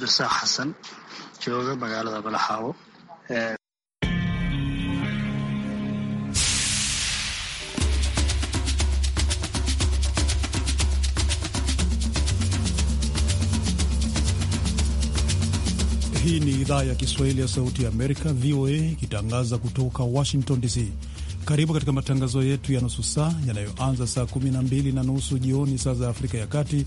Dulsaaq xasan jooga magaalada Balxaawo. Hii ni idhaa ya Kiswahili ya Sauti ya Amerika, VOA, ikitangaza kutoka Washington DC. Karibu katika matangazo yetu ya nusu saa yanayoanza saa 12 na nusu jioni saa za Afrika ya Kati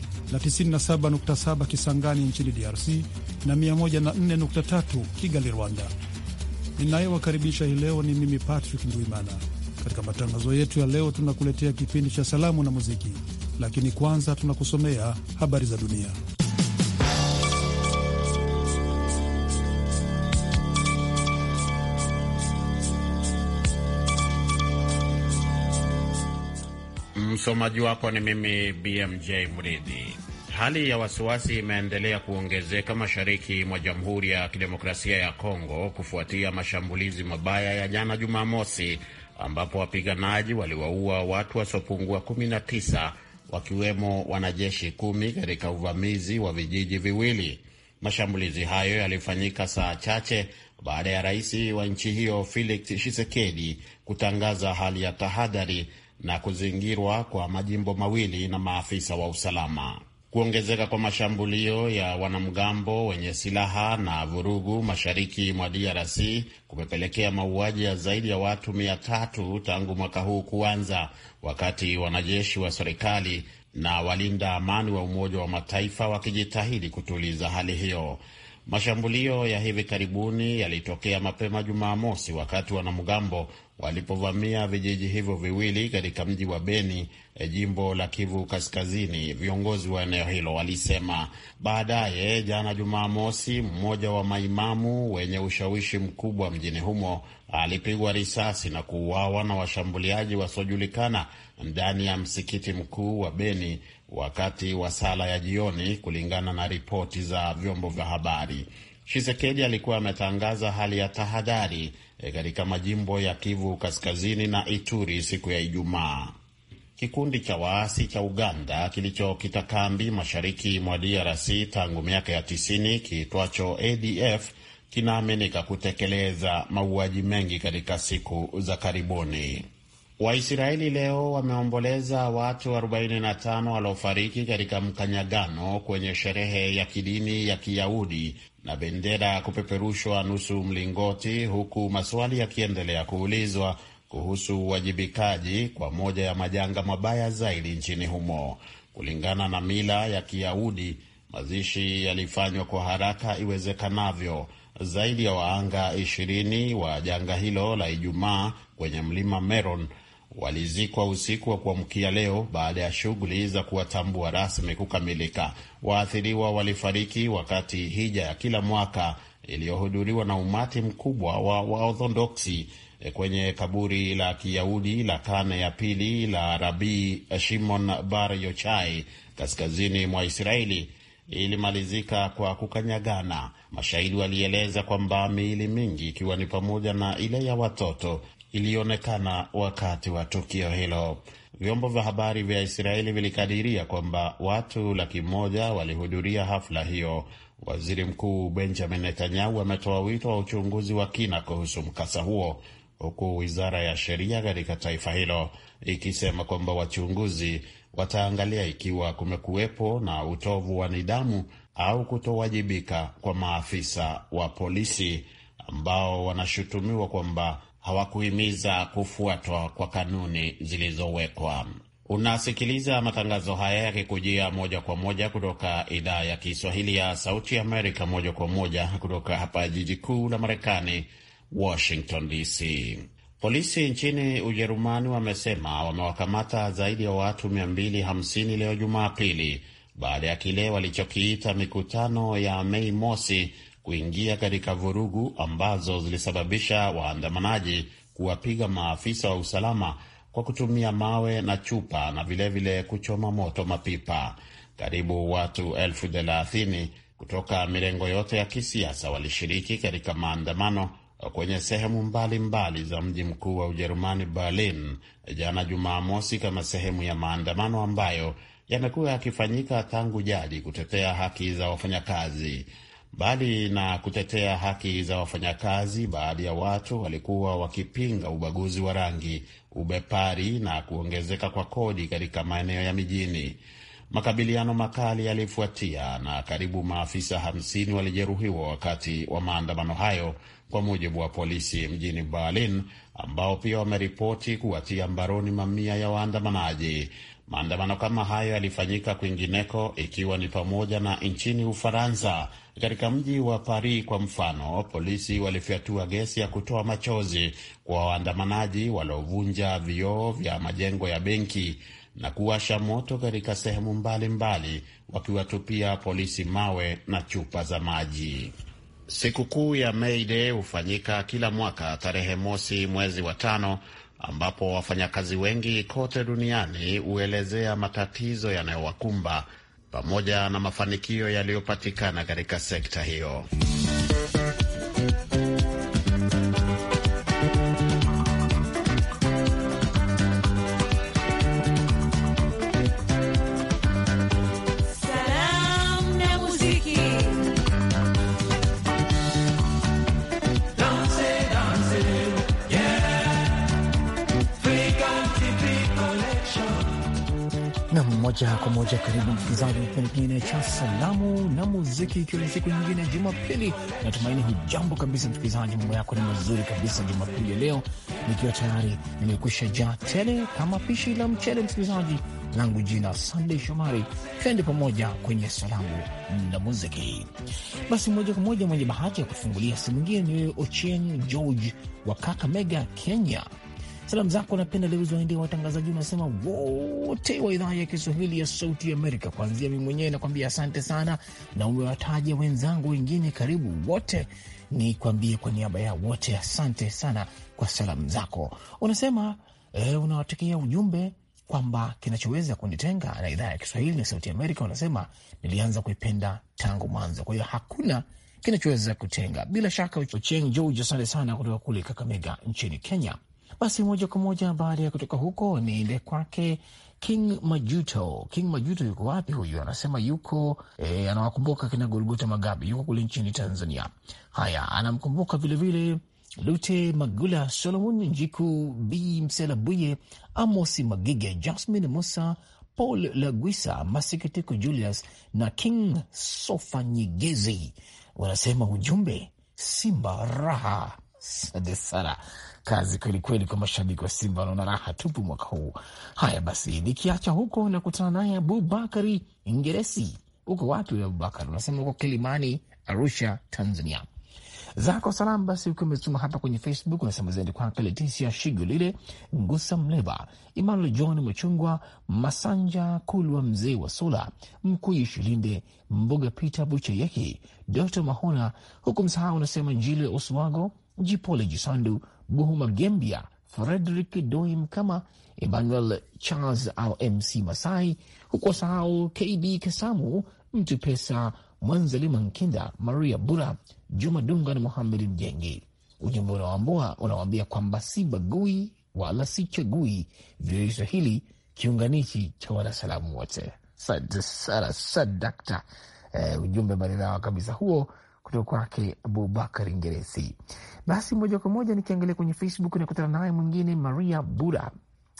na 97.7 Kisangani nchini DRC na 104.3 Kigali, Rwanda. Ninayewakaribisha hii leo ni mimi Patrick Ndwimana. Katika matangazo yetu ya leo, tunakuletea kipindi cha salamu na muziki, lakini kwanza tunakusomea habari za dunia. Msomaji wako ni mimi BMJ Mridhi. Hali ya wasiwasi imeendelea kuongezeka mashariki mwa Jamhuri ya Kidemokrasia ya Kongo kufuatia mashambulizi mabaya ya jana Jumamosi, ambapo wapiganaji waliwaua watu wasiopungua 19 wakiwemo wanajeshi kumi katika uvamizi wa vijiji viwili. Mashambulizi hayo yalifanyika saa chache baada ya rais wa nchi hiyo Felix Tshisekedi kutangaza hali ya tahadhari na kuzingirwa kwa majimbo mawili na maafisa wa usalama. Kuongezeka kwa mashambulio ya wanamgambo wenye silaha na vurugu mashariki mwa DRC kumepelekea mauaji ya zaidi ya watu mia tatu tangu mwaka huu kuanza, wakati wanajeshi wa serikali na walinda amani wa Umoja wa Mataifa wakijitahidi kutuliza hali hiyo. Mashambulio ya hivi karibuni yalitokea mapema Jumamosi wakati wanamgambo walipovamia vijiji hivyo viwili katika mji wa Beni, eh, jimbo la Kivu Kaskazini. Viongozi wa eneo hilo walisema baadaye jana Jumamosi, mmoja wa maimamu wenye ushawishi mkubwa mjini humo alipigwa risasi na kuuawa na washambuliaji wasiojulikana ndani ya msikiti mkuu wa Beni wakati wa sala ya jioni, kulingana na ripoti za vyombo vya habari. Shisekedi alikuwa ametangaza hali ya tahadhari E, katika majimbo ya Kivu Kaskazini na Ituri siku ya Ijumaa. Kikundi cha waasi cha Uganda kilichokita kambi mashariki mwa DRC tangu miaka ya tisini kiitwacho ADF kinaaminika kutekeleza mauaji mengi katika siku za karibuni. Waisraeli leo wameomboleza watu 45 waliofariki katika mkanyagano kwenye sherehe ya kidini ya Kiyahudi na bendera kupeperushwa nusu mlingoti, huku maswali yakiendelea kuulizwa kuhusu uwajibikaji kwa moja ya majanga mabaya zaidi nchini humo. Kulingana na mila ya Kiyahudi, mazishi yalifanywa kwa haraka iwezekanavyo. Zaidi ya waanga ishirini wa janga hilo la Ijumaa kwenye mlima Meron walizikwa usiku wa kuamkia leo baada ya shughuli za kuwatambua rasmi kukamilika. Waathiriwa walifariki wakati hija ya kila mwaka iliyohudhuriwa na umati mkubwa wa Waorthodoksi kwenye kaburi la Kiyahudi la karne ya pili la Rabi Shimon Bar Yochai kaskazini mwa Israeli ilimalizika kwa kukanyagana. Mashahidi walieleza kwamba miili mingi ikiwa ni pamoja na ile ya watoto iliyoonekana wakati wa tukio hilo. Vyombo vya habari vya Israeli vilikadiria kwamba watu laki moja walihudhuria hafla hiyo. Waziri Mkuu Benjamin Netanyahu ametoa wito wa uchunguzi wa kina kuhusu mkasa huo, huku wizara ya sheria katika taifa hilo ikisema kwamba wachunguzi wataangalia ikiwa kumekuwepo na utovu wa nidhamu au kutowajibika kwa maafisa wa polisi ambao wanashutumiwa kwamba hawakuhimiza kufuatwa kwa kanuni zilizowekwa. Unasikiliza matangazo haya yakikujia moja kwa moja kutoka idhaa ya Kiswahili ya Sauti Amerika, moja kwa moja kutoka hapa jiji kuu la Marekani, Washington DC. Polisi nchini Ujerumani wamesema wamewakamata zaidi ya watu 250 leo Jumapili baada ya kile walichokiita mikutano ya Mei Mosi kuingia katika vurugu ambazo zilisababisha waandamanaji kuwapiga maafisa wa usalama kwa kutumia mawe na chupa na vilevile vile kuchoma moto mapipa. Karibu watu elfu thelathini kutoka mirengo yote ya kisiasa walishiriki katika maandamano kwenye sehemu mbalimbali mbali za mji mkuu wa Ujerumani, Berlin, jana Jumamosi, kama sehemu ya maandamano ambayo yamekuwa yakifanyika tangu jadi kutetea haki za wafanyakazi. Mbali na kutetea haki za wafanyakazi, baadhi ya watu walikuwa wakipinga ubaguzi wa rangi, ubepari na kuongezeka kwa kodi katika maeneo ya mijini. Makabiliano makali yalifuatia na karibu maafisa hamsini walijeruhiwa wakati wa maandamano hayo, kwa mujibu wa polisi mjini Berlin, ambao pia wameripoti kuwatia mbaroni mamia ya waandamanaji. Maandamano kama hayo yalifanyika kwingineko, ikiwa ni pamoja na nchini Ufaransa katika mji wa Paris kwa mfano, polisi walifyatua gesi ya kutoa machozi kwa waandamanaji waliovunja vioo vya majengo ya benki na kuwasha moto katika sehemu mbalimbali, wakiwatupia polisi mawe na chupa za maji. Sikukuu ya May Day hufanyika kila mwaka tarehe mosi mwezi wa tano, ambapo wafanyakazi wengi kote duniani huelezea matatizo yanayowakumba pamoja na mafanikio yaliyopatikana katika sekta hiyo. moja kwa moja, karibu msikilizaji kipindi kingine cha salamu na muziki, ikiwa ni siku nyingine ya Jumapili. Natumaini hujambo kabisa msikilizaji, mambo yako ni mazuri kabisa. Jumapili ya leo nikiwa tayari nimekwisha jaa tele kama pishi la mchele. Msikilizaji langu jina Sandey Shomari, twende pamoja kwenye salamu na muziki. Basi moja kwa moja, mwenye bahati ya kufungulia simu ingine ni wewe Ochieng George wa Kakamega, Kenya. Salamu zako napenda leo ziwaendea watangazaji, unasema wote wa idhaa ya Kiswahili ya Sauti Amerika. Kuanzia mi mwenyewe nakwambia asante sana, na umewataja wenzangu wengine karibu wote. ni kwambie kwa niaba ya wote, asante sana kwa salamu zako. Unasema e, eh, unawatekea ujumbe kwamba kinachoweza kunitenga na idhaa ya Kiswahili na Sauti Amerika, unasema nilianza kuipenda tangu mwanzo, kwa hiyo hakuna kinachoweza kutenga. Bila shaka Ochieng George, asante sana kutoka kule Kakamega nchini Kenya. Basi moja kwa moja baada ya kutoka huko niende kwake King Majuto. King Majuto yuko wapi huyu? Anasema yuko e, anawakumbuka kina Golgota Magabi, yuko kule nchini Tanzania. Haya, anamkumbuka vilevile Lute Magula, Solomon Njiku, B Mselabuye, Amosi Magige, Jasmin Musa, Paul Lagwisa, Masikitiko Julius na King Sofa Nyegezi. Wanasema ujumbe Simba raha. Asante sana kazi kwelikweli kwa mashabiki wa Simba wanaona raha tupu mwaka huu. Haya basi, nikiacha huko na kutana naye Abubakari Ingeresi. Uko wapi ule Abubakar? Unasema uko Kilimani, Arusha, Tanzania. Zako salamu basi ukiwa umetuma hapa kwenye Facebook, unasema zaidi kwake Letisia Shigulile, Ngusa Mleba, Emmanuel John Machungwa, Masanja Kulwa, mzee wa Sula Mkuyi, Shilinde Mboga, Peter Bucheyeki, Doto Mahona, huku msahau unasema Njili Oswago, Jipole Jisandu Buhuma Gembia, Frederick Doim kama Emmanuel Charles au MC Masai, huku wasahau KB Kesamu, Mtu Pesa, Mwanzalima Nkinda, Maria Bura, Juma Dunga na Muhamed Mjengi. Ujumbe unawaambua unawambia kwamba si bagui wala si chagui vya Kiswahili, kiunganishi cha wanasalamu wote. Sadakta, eh, ujumbe maridhawa kabisa huo kutoka kwake Abubakar Ngeresi. Basi moja kwa moja nikiangalia kwenye Facebook nakutana naye mwingine Maria Bura,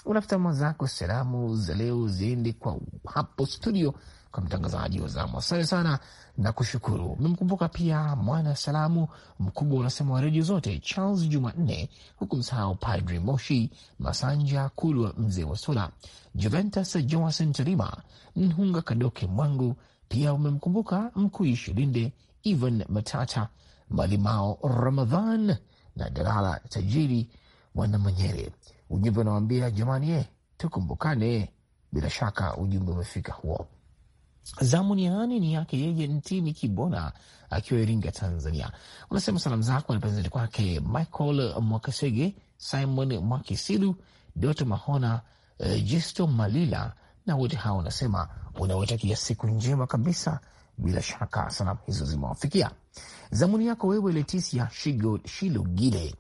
unafutama zako salamu za leo ziende kwa hapo studio kwa mtangazaji wa zamu, asante sana na kushukuru. Umemkumbuka pia mwana salamu mkubwa unasema wa redio zote Charles Jumanne, huku msahau Padri Moshi Masanja Kulwa, mzee wa Sola, Juventus Joasen Tarima Nhunga Kadoke Mwangu, pia umemkumbuka Mkuishi Linde Ivan Matata, Malimao Ramadhan na Dalala Tajiri Mwenyere. Ujumbe unawambia jamani, e, tukumbukane. Bila shaka ujumbe umefika huo. Zamu ni ani ni yake yeye Ntini Kibona akiwa Iringa, Tanzania. Unasema salamu zako napezani kwake Michael Mwakasege, Simon Mwakisilu, Doto Mahona, uh, eh, Jesto Malila na wote hao unasema unawatakia siku njema kabisa bila shaka salamu hizo zimewafikia. Zamuni yako wewe Letisia Shilogile,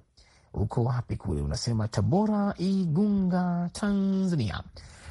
uko wapi kule? Unasema Tabora, Igunga, Tanzania.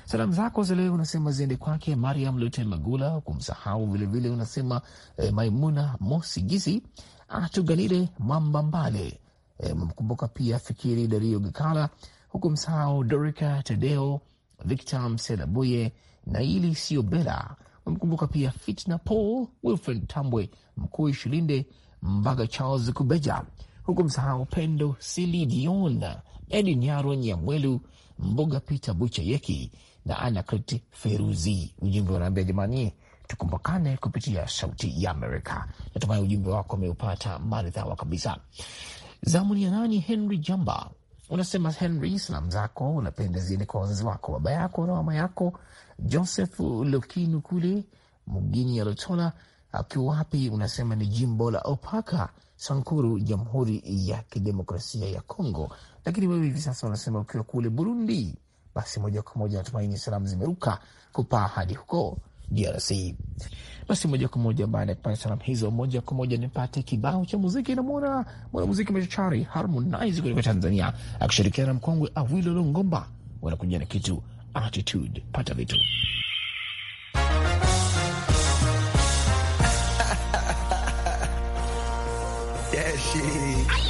Salamu zako za leo unasema ziende kwake Mariam Lute Magula, kumsahau vilevile unasema e, Maimuna Mosi Gizi, Atuganile Mbale, e, mkumbuka pia Fikiri Dario Gikala, huku msahau Dorika Tadeo, Victor Mselabuye, Naili Siobela wamekumbuka pia Fitna Paul, Wilfred Tambwe, Mkuu Shilinde, Mbaga Charles Kubeja, huku msahau Pendo Sili Silidion, Edi Nyaro Nyamwelu, Mboga Peter Yeki na Anacret Feruzi. Ujumbe unaambia jamani, tukumbukane kupitia Sauti ya Amerika. Natumai ujumbe wako umeupata maridhawa kabisa. Zamu ni ya nani? Henry Jamba unasema, Henry, salamu zako unapenda ziende kwa wazazi wako, baba yako na mama yako Joseph kule Mugini ya Lotola akiwa wapi, unasema ni jimbo la Opaka, Sankuru, Jamhuri ya Kidemokrasia ya Kongo. Lakini wewe hivi sasa unasema ukiwa kule Burundi, basi moja kwa moja natumaini salamu zimeruka kupaa hadi huko DRC. Basi moja kwa moja, baada ya kupata salamu hizo, moja kwa moja nipate kibao cha muziki. Namwona mwanamuziki machachari Harmonize kutoka Tanzania akishirikiana na mkongwe Awilo Longomba wanakuja na kitu attitude. Pata vitu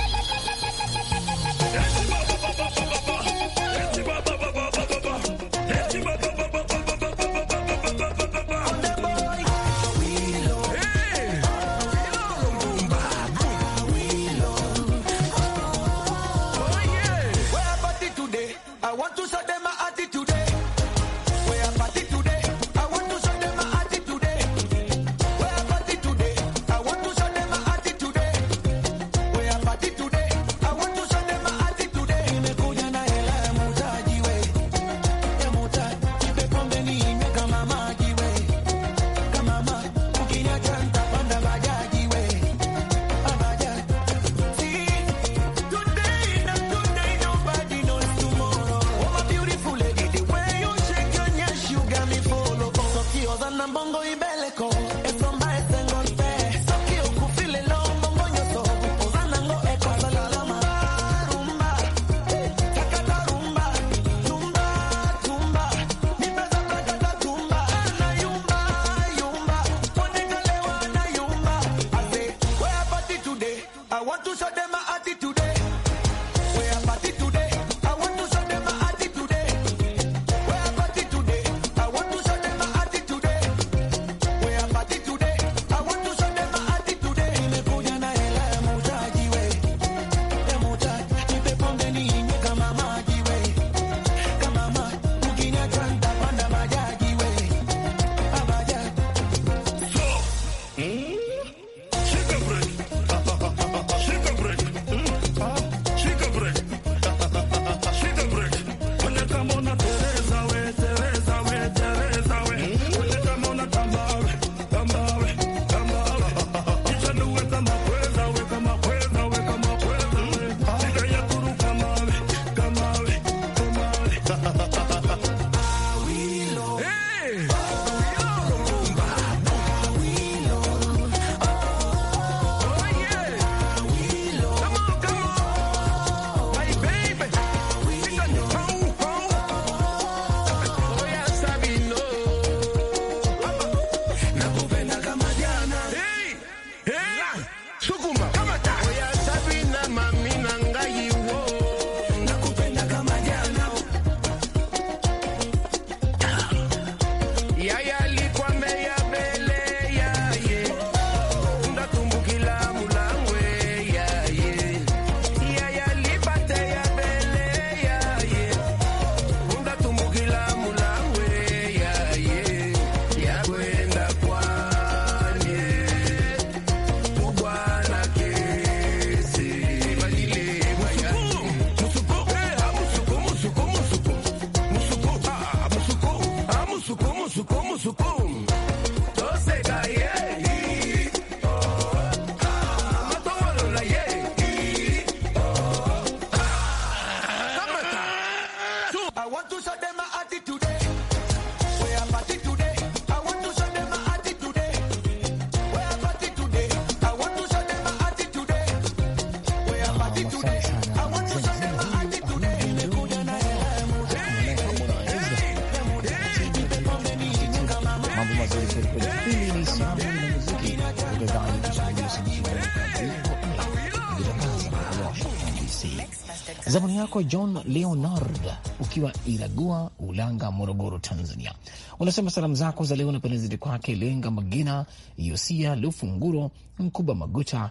wako John Leonard ukiwa iragua Ulanga, Morogoro, Tanzania, unasema salamu zako za leo napendezidi kwake Lenga Magina, Yosia Lufunguro, Mkuba Maguta,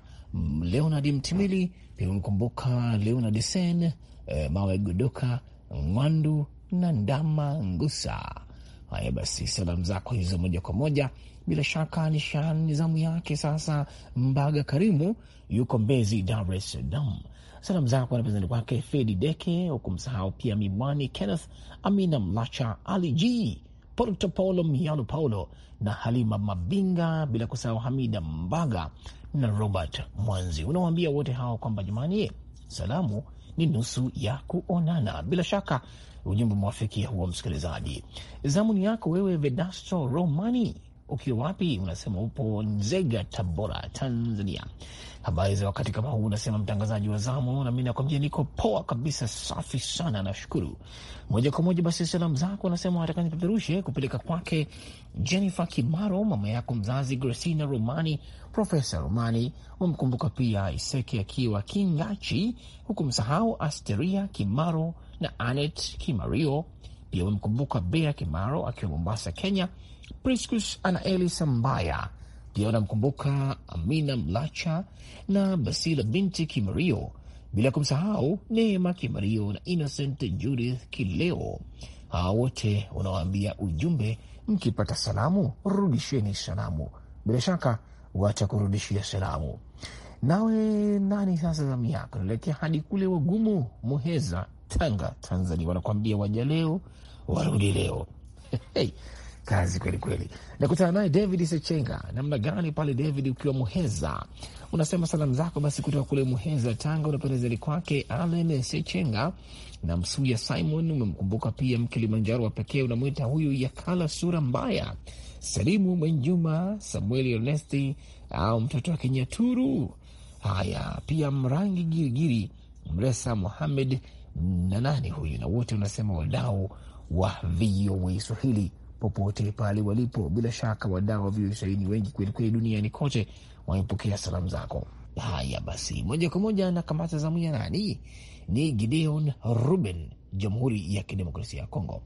Leonard Mtimili, pia umkumbuka Leonard Sen, eh, Mawe Godoka, Ngwandu na Ndama Ngusa. Haya basi, salamu zako hizo moja kwa moja bila shaka ni zamu yake sasa. Mbaga Karimu yuko Mbezi, Dar es Salaam. Salamu zako anapezani kwake Fedi Deke, hukumsahau pia Mimwani Kenneth, Amina Mlacha, Ali G, Porto Paulo, Mialu Paulo na Halima Mabinga, bila kusahau Hamida Mbaga na Robert Mwanzi. Unawaambia wote hawa kwamba jamani, salamu ni nusu ya kuonana. Bila shaka ujumbe mwafikia huo msikilizaji. Zamuni yako wewe Vedasto Romani ukiwa wapi? Unasema upo Nzega, Tabora, Tanzania. Habari za wakati kama huu, unasema mtangazaji wa zamu, na mi nakwambia niko poa kabisa, safi sana, nashukuru. Moja kwa moja basi salamu zako unasema wataka nipeperushe kupeleka kwake Jennifer Kimaro, mama yako mzazi Gresina Romani, Profesa Romani wamkumbuka pia Iseke akiwa Kingachi, huku msahau Asteria Kimaro na Anet Kimario. Pia wamkumbuka Bea Kimaro akiwa Mombasa, Kenya, Priscus Anaeli Mbaya, Pia wanamkumbuka Amina Mlacha na Basila binti Kimario, bila kumsahau Neema Kimario na Innocent Judith Kileo. Hawa wote unawaambia ujumbe, mkipata salamu rudisheni salamu, bila shaka watakurudishia salamu. Nawe nani sasa, zamu yako naelekea hadi kule Wagumu, Muheza, Tanga, Tanzania. Wanakuambia waja leo warudi leo. Hey, kazi kweli kweli. Nakutana naye David Sechenga. Namna gani pale David, ukiwa Muheza? Unasema salamu zako basi kutoka kule Muheza, Tanga, unapenda unapendezeli kwake Alen Sechenga na Msuya Simon, umemkumbuka pia Mkilimanjaro wa pekee unamwita huyu yakala sura mbaya, Salimu Mwenjuma, Samueli Ernesti au mtoto wa Kinyaturu. Haya, pia Mrangi Girigiri, Mresa Muhamed na nani huyu, na wote unasema wadau wa VOA Swahili popote pale walipo. Bila shaka wadau wa saini wengi kwelikweli duniani kote wamepokea salamu zako. Haya basi, moja kwa moja na kamata zamu ya nani? Ni Gideon Ruben, Jamhuri ya Kidemokrasia ya Kongo.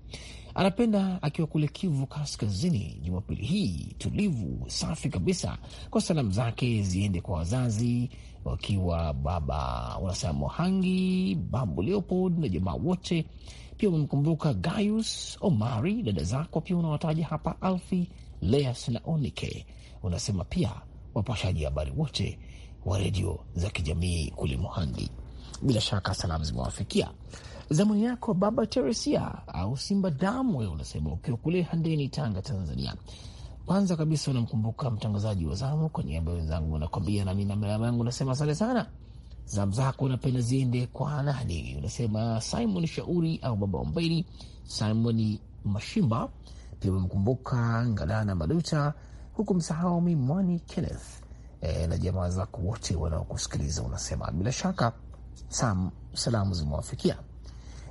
Anapenda akiwa kule Kivu Kaskazini, Jumapili hii tulivu safi kabisa, kwa salamu zake ziende kwa wazazi wakiwa baba wanasema Mohangi, babu Leopold na jamaa wote pia umemkumbuka Gaius Omari, dada zako pia unawataja hapa, Alfi, Leas na Onike. Unasema pia wapashaji habari wote wa redio za kijamii kule Mohandi. Bila shaka salamu zimewafikia. Zamani yako baba Teresia au Simba Damu, wewe unasema ukiwa kule Handeni, Tanga, Tanzania. Kwanza kabisa unamkumbuka mtangazaji wa zamu. Kwa niaba wenzangu nakwambia nami na mama yangu nasema asante sana zamu zako napenda ziende kwa nani? Unasema Simon Shauri au Baba Ombairi, Simon Mashimba. Pia umemkumbuka Ngalana Maduta, huku msahau Mimwani Kenneth e, na jamaa zako wote wanaokusikiliza. Unasema bila shaka sam, salamu zimewafikia.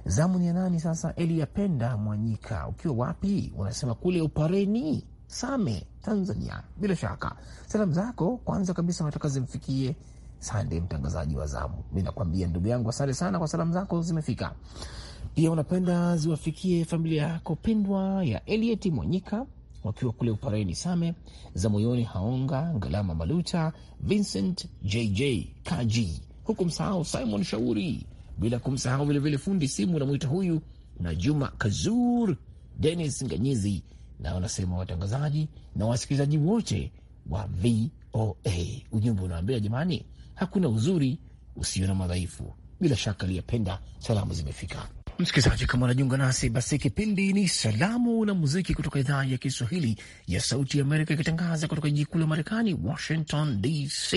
Zamu ni ya nani sasa? Eliyapenda Mwanyika, ukiwa wapi? Unasema kule Upareni Same, Tanzania. Bila shaka salamu zako kwanza kabisa nataka zimfikie Sande, mtangazaji wa zamu, mi nakwambia ndugu yangu, asante sana kwa salamu zako zimefika. Pia unapenda ziwafikie familia yako pendwa ya Elieti Mwanyika wakiwa kule Upareni Same, za moyoni Haonga Ngalama, Maluta Vincent JJ Kaji, huku msahau Simon Shauri, bila kumsahau vilevile fundi simu namwita huyu na Juma Kazur, Denis Nganyizi, na wanasema watangazaji na wasikilizaji wote wa VOA. Ujumbe unawambia jamani, hakuna uzuri usio na madhaifu. Bila shaka aliyependa salamu zimefika. Msikilizaji, kama unajiunga nasi basi, kipindi ni Salamu na Muziki kutoka idhaa ya Kiswahili ya Sauti ya Amerika, ikitangaza kutoka jiji kuu la Marekani, Washington DC,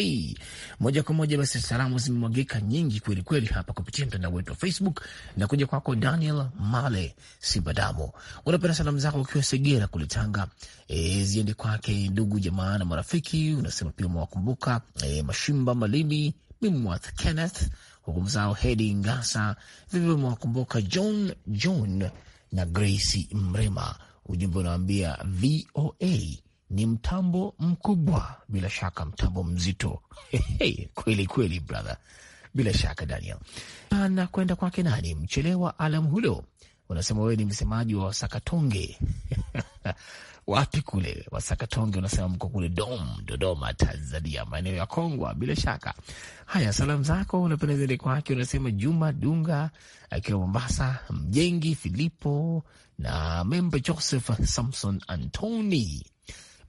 moja kwa moja. Basi salamu zimemwagika nyingi kweli kweli hapa kupitia mtandao wetu wa Facebook na kuja kwako Daniel Male Sibadamo, unapenda salamu zako ukiwa Segera kule Tanga, e, ziende kwake ndugu jamaa na marafiki. Unasema pia umewakumbuka e, Mashimba Malimi, Mimwath Kenneth huku mzao Hedi Ngasa vilivyomewakumbuka John John na Grace Mrema. Ujumbe unawambia VOA ni mtambo mkubwa, bila shaka mtambo mzito. Hey, kweli kweli brother, bila shaka Daniel na kwenda kwake nani mchelewa alam hulo unasema wewe ni msemaji wa Wasakatonge wapi kule Wasakatonge unasema mko kule Dom, Dodoma, Tanzania, maeneo ya Kongwa. Bila shaka haya, salamu zako unapendeza kwake, unasema Juma Dunga akiwa Mombasa, Mjengi Filipo na Membe Joseph Samson Antoni.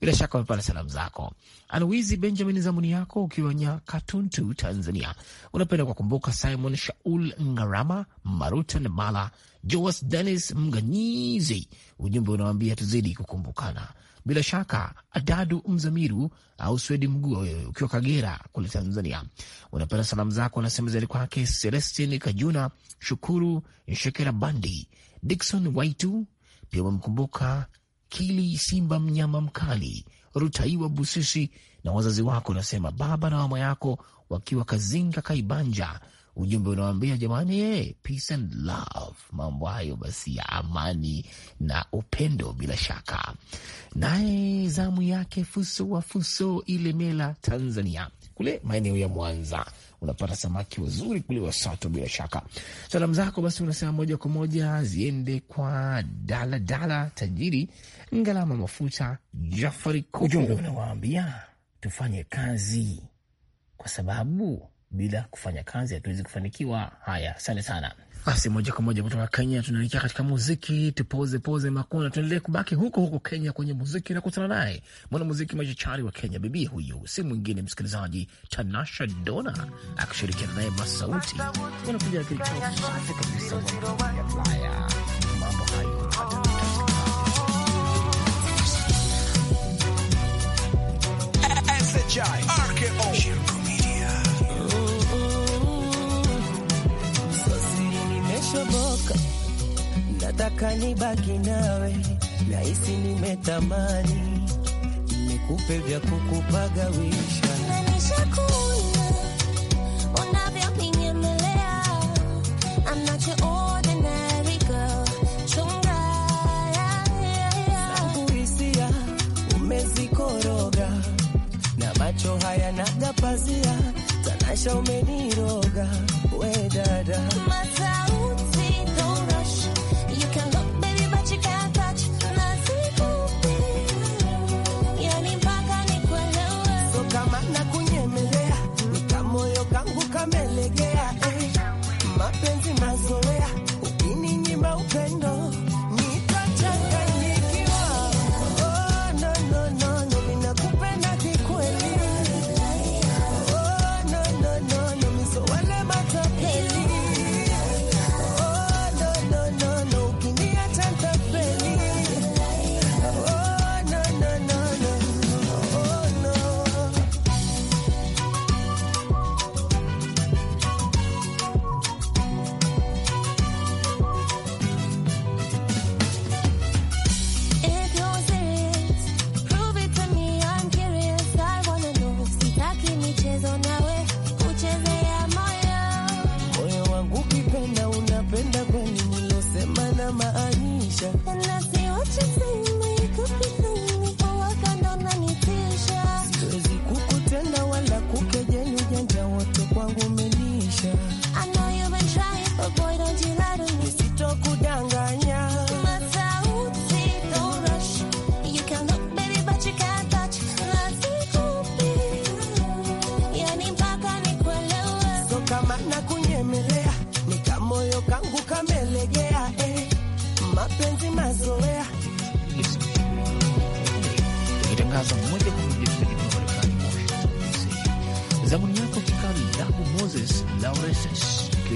Bila shaka wamepata salamu zako. anawizi Benjamin, zamuni yako ukiwa Nyakatuntu, Tanzania, unapenda kuwakumbuka Simon Shaul Ngarama, Maruta Namala Joas Denis Mganyizi, ujumbe unawambia tuzidi kukumbukana. Bila shaka Adadu Mzamiru au Swedi Mguu ukiwa Kagera kule Tanzania, unapenda salamu zako anasema zaidi kwake Celestin Kajuna, Shukuru Shekera, Bandi Dikson Waitu, pia umemkumbuka Kili Simba mnyama mkali Rutaiwa Busisi na wazazi wako, unasema baba na mama yako wakiwa Kazinga Kaibanja ujumbe unawambia jamani, hey, peace and love, mambo hayo basi ya amani na upendo. Bila shaka naye zamu yake fuso wa fuso Ilemela, Tanzania, kule maeneo ya Mwanza unapata samaki wazuri kule Wasato. Bila shaka salamu zako basi unasema moja kwa moja ziende kwa daladala tajiri Ngalama Mafuta Jafari. Ujumbe unawaambia tufanye kazi kwa sababu bila kufanya kazi hatuwezi kufanikiwa. Haya, asante sana. Basi moja kwa moja kutoka Kenya tunaelekea katika muziki, tupoze poze makona, tuendelee kubaki huko huko Kenya kwenye muziki na kutana naye mwanamuziki machachari wa Kenya. Bibi huyu si mwingine msikilizaji, Tanasha Dona akishirikiana naye Masauti wanakuja kabisa. mambo hayo kushoboka, nataka nibaki nawe, nahisi nimetamani, nikupe vya kukupagawisha macho haya naga pazia, tanasha umeniroga, we dada Matawi. mapenzi zoeira.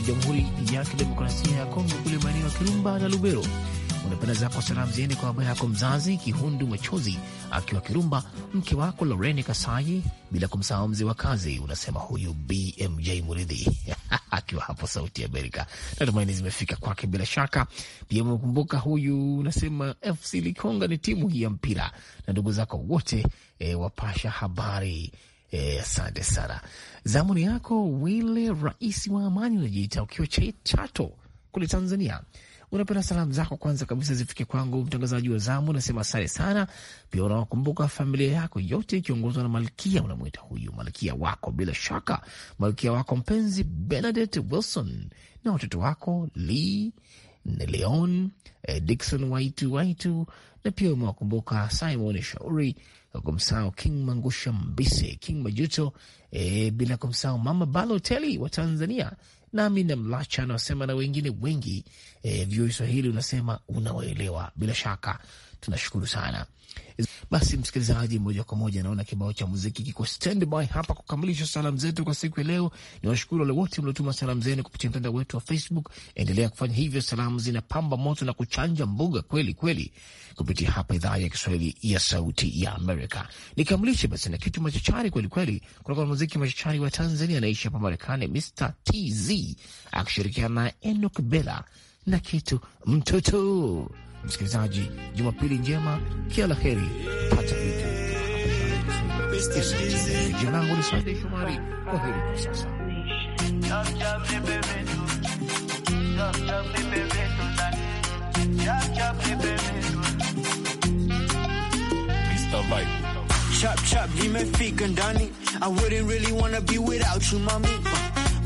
ya Jamhuri ya Kidemokrasia ya Kongo kule maeneo ya Kirumba na Lubero. Unapenda zako salamu ziende kwa baba yako mzazi Kihundu machozi akiwa Kirumba, mke wako Lorene kasai bila kumsahau mzee wa kazi, unasema huyu BMJ Muridhi akiwa hapo Sauti Amerika. Natumaini zimefika kwake bila shaka. Pia umekumbuka huyu, unasema FC Likonga ni timu hii ya mpira na ndugu zako wote e, wapasha habari Eh, asante e, sana. Zamuni yako Wile Rais wa Amani, unajiita ukiwa Chato kule Tanzania. Unapenda salamu zako kwanza kabisa zifike kwangu, mtangazaji wa zamu, unasema asante sana. Pia unawakumbuka familia yako yote ikiongozwa na Malkia, unamwita huyu malkia wako, bila shaka malkia wako mpenzi Benedict Wilson na watoto wako Lee Leon, eh, Dikson Waitu Waitu, na pia umewakumbuka Simon Shauri kumsahau King Mangusha Mbise, King Majuto e, bila kumsahau Mama Baloteli wa Tanzania na Mlacha anasema na wengine wengi e, vyo Swahili unasema unawaelewa. Bila shaka tunashukuru sana. Basi msikilizaji, moja kwa moja naona kibao cha muziki kiko standby hapa kukamilisha salamu zetu kwa siku ya leo. Ni washukuru wale wote mliotuma salamu zenu kupitia mtandao wetu wa Facebook. Endelea kufanya hivyo, salamu zinapamba moto na kuchanja mbuga kweli kweli kupitia hapa idhaa ya Kiswahili ya Sauti ya Amerika. Nikamilishe basi na kitu machachari kweli kweli kutoka muziki machachari wa Tanzania anaishi hapa Marekani, Mr TZ akishirikiana na Enoch Bella na kitu mtoto. Msikilizaji, Jumapili njema, kila la heri, pata vitu. Jina langu ni Sandei Shomari, kwa heri kwa sasa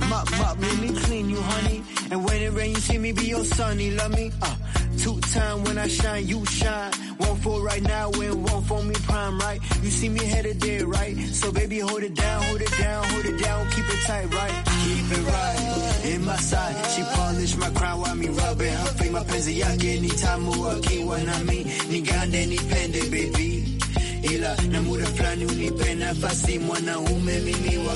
mop, mop, let me clean you, honey. And when it rains, you see me be your sunny, love me. Uh, two time when I shine, you shine. One for right now and one for me prime, right? You see me headed there, right? So baby, hold it down, hold it down, hold it down, keep it tight, right? Keep it right in my side. She polished my crown while me rubbing her face. Mapenzi yake ni tamu akiwa ni mi, ni pende baby ila na muda unipena unipe nafasi, mwanaume mimi wa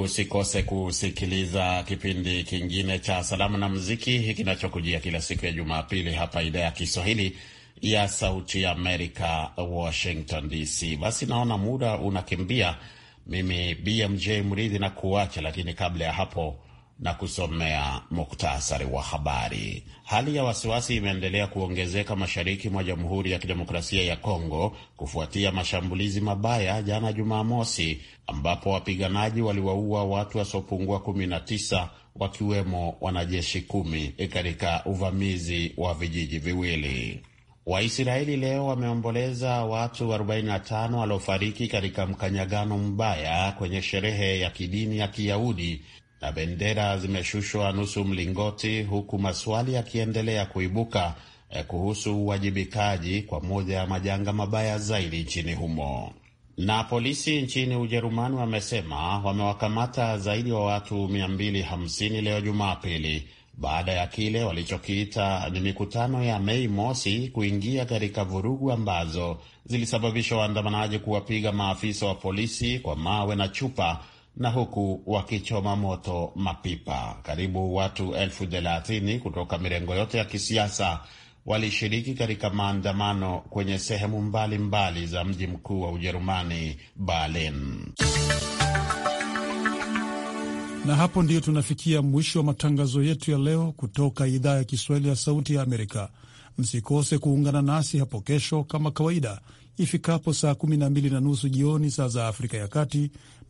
usikose kusikiliza kipindi kingine cha salamu na muziki kinachokujia kila siku ya Jumapili hapa idhaa ya Kiswahili ya Sauti ya Amerika, Washington DC. Basi naona muda unakimbia. Mimi BMJ Mridhi na kuacha, lakini kabla ya hapo na kusomea muktasari wa habari. Hali ya wasiwasi imeendelea kuongezeka mashariki mwa Jamhuri ya Kidemokrasia ya Kongo kufuatia mashambulizi mabaya jana Jumamosi, ambapo wapiganaji waliwaua watu wasiopungua 19 wakiwemo wanajeshi kumi katika uvamizi wa vijiji viwili. Waisraeli leo wameomboleza watu 45 waliofariki katika mkanyagano mbaya kwenye sherehe ya kidini ya Kiyahudi na bendera zimeshushwa nusu mlingoti, huku maswali yakiendelea kuibuka eh, kuhusu uwajibikaji kwa moja ya majanga mabaya zaidi nchini humo. Na polisi nchini Ujerumani wamesema wamewakamata zaidi wa watu 250 leo Jumapili baada ya kile walichokiita ni mikutano ya Mei Mosi kuingia katika vurugu ambazo zilisababisha waandamanaji kuwapiga maafisa wa polisi kwa mawe na chupa na huku wakichoma moto mapipa. Karibu watu elfu thelathini kutoka mirengo yote ya kisiasa walishiriki katika maandamano kwenye sehemu mbalimbali mbali za mji mkuu wa Ujerumani, Berlin. Na hapo ndiyo tunafikia mwisho wa matangazo yetu ya leo kutoka idhaa ya Kiswahili ya Sauti ya Amerika. Msikose kuungana nasi hapo kesho kama kawaida ifikapo saa 12 na nusu jioni saa za Afrika ya Kati